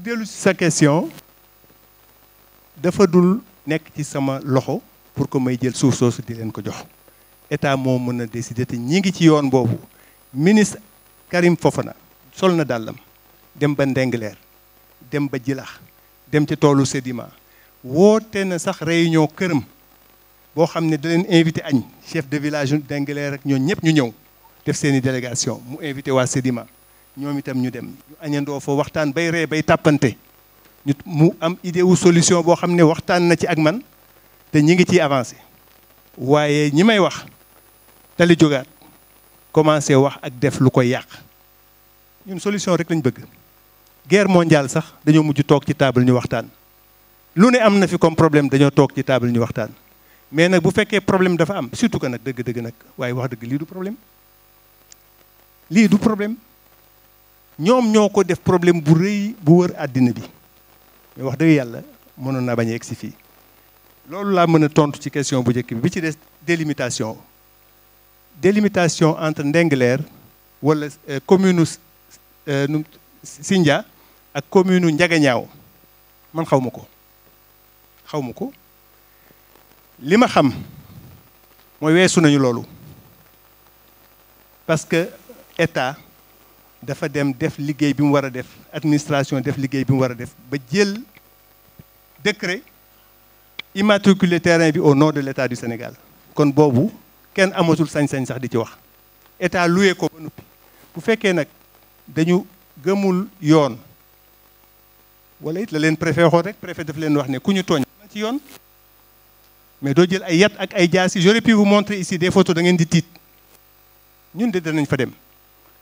dellu sa question dafa dul nek ci sama loxo pour que may jël suuf soosu di len ko jox état mo meuna décider te ñi ci yoon bobu ministre Karim Fofana sol na dàllam dem ba Ndengleer dem ba Jilax dem ci tolu Sedima woote na sax réunion kërëm bo xamné invité añ chef de village Dengler ak ñoo ñep ñu ñew def seen délégation mu invité wa Sedima ñoom itam ñu dem ñu añandoo fa waxtaan bay ree bay tàppante ñu mu am idée wu solution boo xam ne waxtaan na ci ak man te ñi ngi ciy avancé waaye ñi may wax tali jógaat commencé wax ak def lu ko yàq ñun solution rek lañ bëgg guerre mondiale sax dañoo mujj toog ci table ñu waxtaan lu ne am na fi comme problème dañoo toog ci table ñu waxtaan mais nag bu fekkee problème dafa am surtout que nag dëgg-dëgg nag waaye wax dëgg lii du problème lii du problème ñoom ñoo def problème bu rëy bu wër bi mais wax dëgg yàlla mënoon naa bañ a fii loolu tontu ci question bu bi des délimitation délimitation entre Ndengler wala euh, commune euh, nu sinja commune Njagañaaw man xaw ko Je xam parce que état dafa dem def liggéey bi mu war a def administration def liggéey bi mu war a def ba jël décret immatriculé terrain bi au nom de l'État du Sénégal kon boobu kenn amatul sañ-sañ sax di ci wax état loué ko ba noppi bu fekkee nag dañu gëmul yoon wala it la leen préfet waxoon rek préfet daf leen wax ne ku ñu tooñ ci yoon mais doo jël ay yat ak ay jaasi j'aurais pu vous montrer ici des photos da ngeen di tiit ñun de danañ fa dem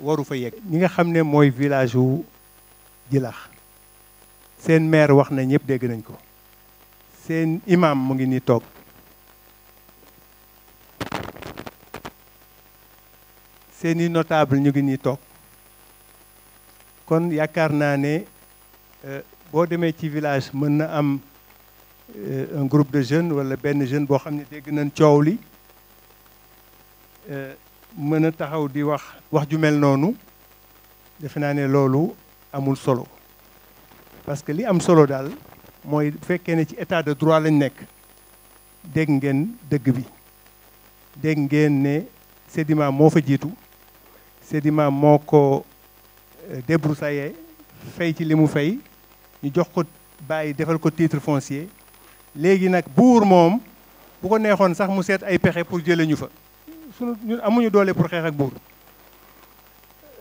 waru fa yegg ñi nga xam ne mooy village wu Jilax seen maire wax na ñëpp dégg nañ ko seen imam mu ngi ni toog seeni notable ñu ngi ni toog kon yaakaar naa ne euh, boo demee ci village mën na am euh, un groupe de jeunes wala benn jeune boo xam ne dégg nañ coow li euh, je a taxaw di wax wax ju mel noonu def naa ne amul solo parce que li am solo daal de droit lañ nekk dégg ngeen dëgg bi dégg ne fa euh, débroussaillé fay ci fay jox ko defal ko titre foncier léegi nag buur moom bu ko neexoon sax mu ay pour sunu ñun amuñu doolee pour xeex ak buur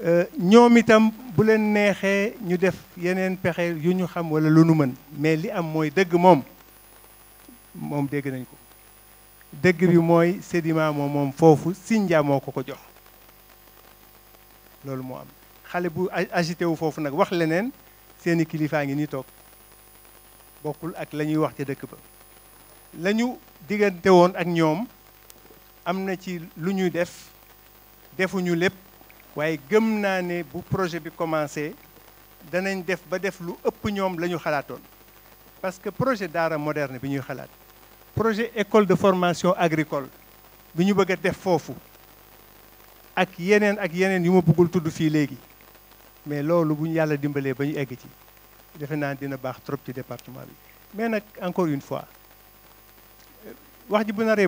euh, ñoom itam bu leen neexee ñu def yeneen pexee yu ñu xam wala lu nu mën mais li am mooy dëgg moom moom dégg nañ ko dëgg bi mooy Sedima moom moom foofu si moo ko ko jox loolu moo am xale bu agité wu foofu nag wax leneen seeni kilifaa ngi ni toog bokkul ak la ñuy wax ca dëkk ba la ñu diggante woon ak ñoom am na ci lu ñu def defuñu lépp waaye gëm naa ne bu projet bi commencé danañ def ba def lu ëpp ñoom la ñu xalaatoon parce que projet daara moderne bi ñuy xalaat projet école de formation agricole bi ñu bëgg a def foofu ak yeneen ak yeneen yu ma bëggul tudd fii léegi mais loolu bu yàlla dimbalee ba ñu egg ci defe naa dina baax trop ci département bi mais nag encore une fois wax ji bu naree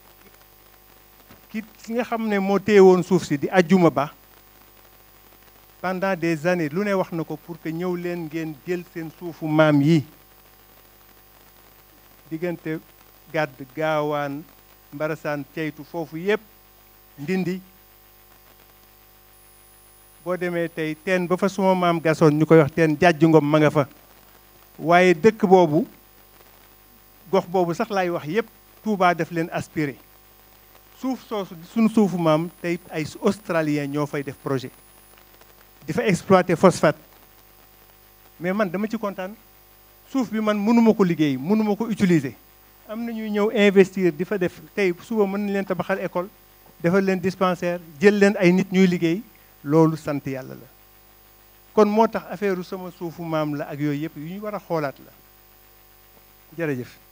ki ki nga xam ne moo téye woon suuf si di ajjuma ba pendant des années lu ne wax na ko pour que ñëw leen ngeen jël seen suufu maam yi diggante gàdd gaawaan mbarasaan ceytu foofu yépp ndindi boo demee tey teen ba fa suma maam gasoon ñu koy wax teen jàjj ngom ma nga fa waaye dëkk boobu gox boobu sax laay wax yépp Touba def leen aspire suuf soosu suñ suufu maam tey ay australien ñoo fay def projet di fa exploiter phosphate mais man dama ci kontaan suuf bi man mënuma ko liggéey mënuma ko utiliser am na ñuy ñëw investir di fa def tey suba mën na leen tabaxal école defal leen dispensaire jël leen ay nit ñuy liggéey loolu sant yàlla la kon moo tax affaire sama suufu maam la ak yooyu yëpp yu ñu war a xoolaat la jërëjëf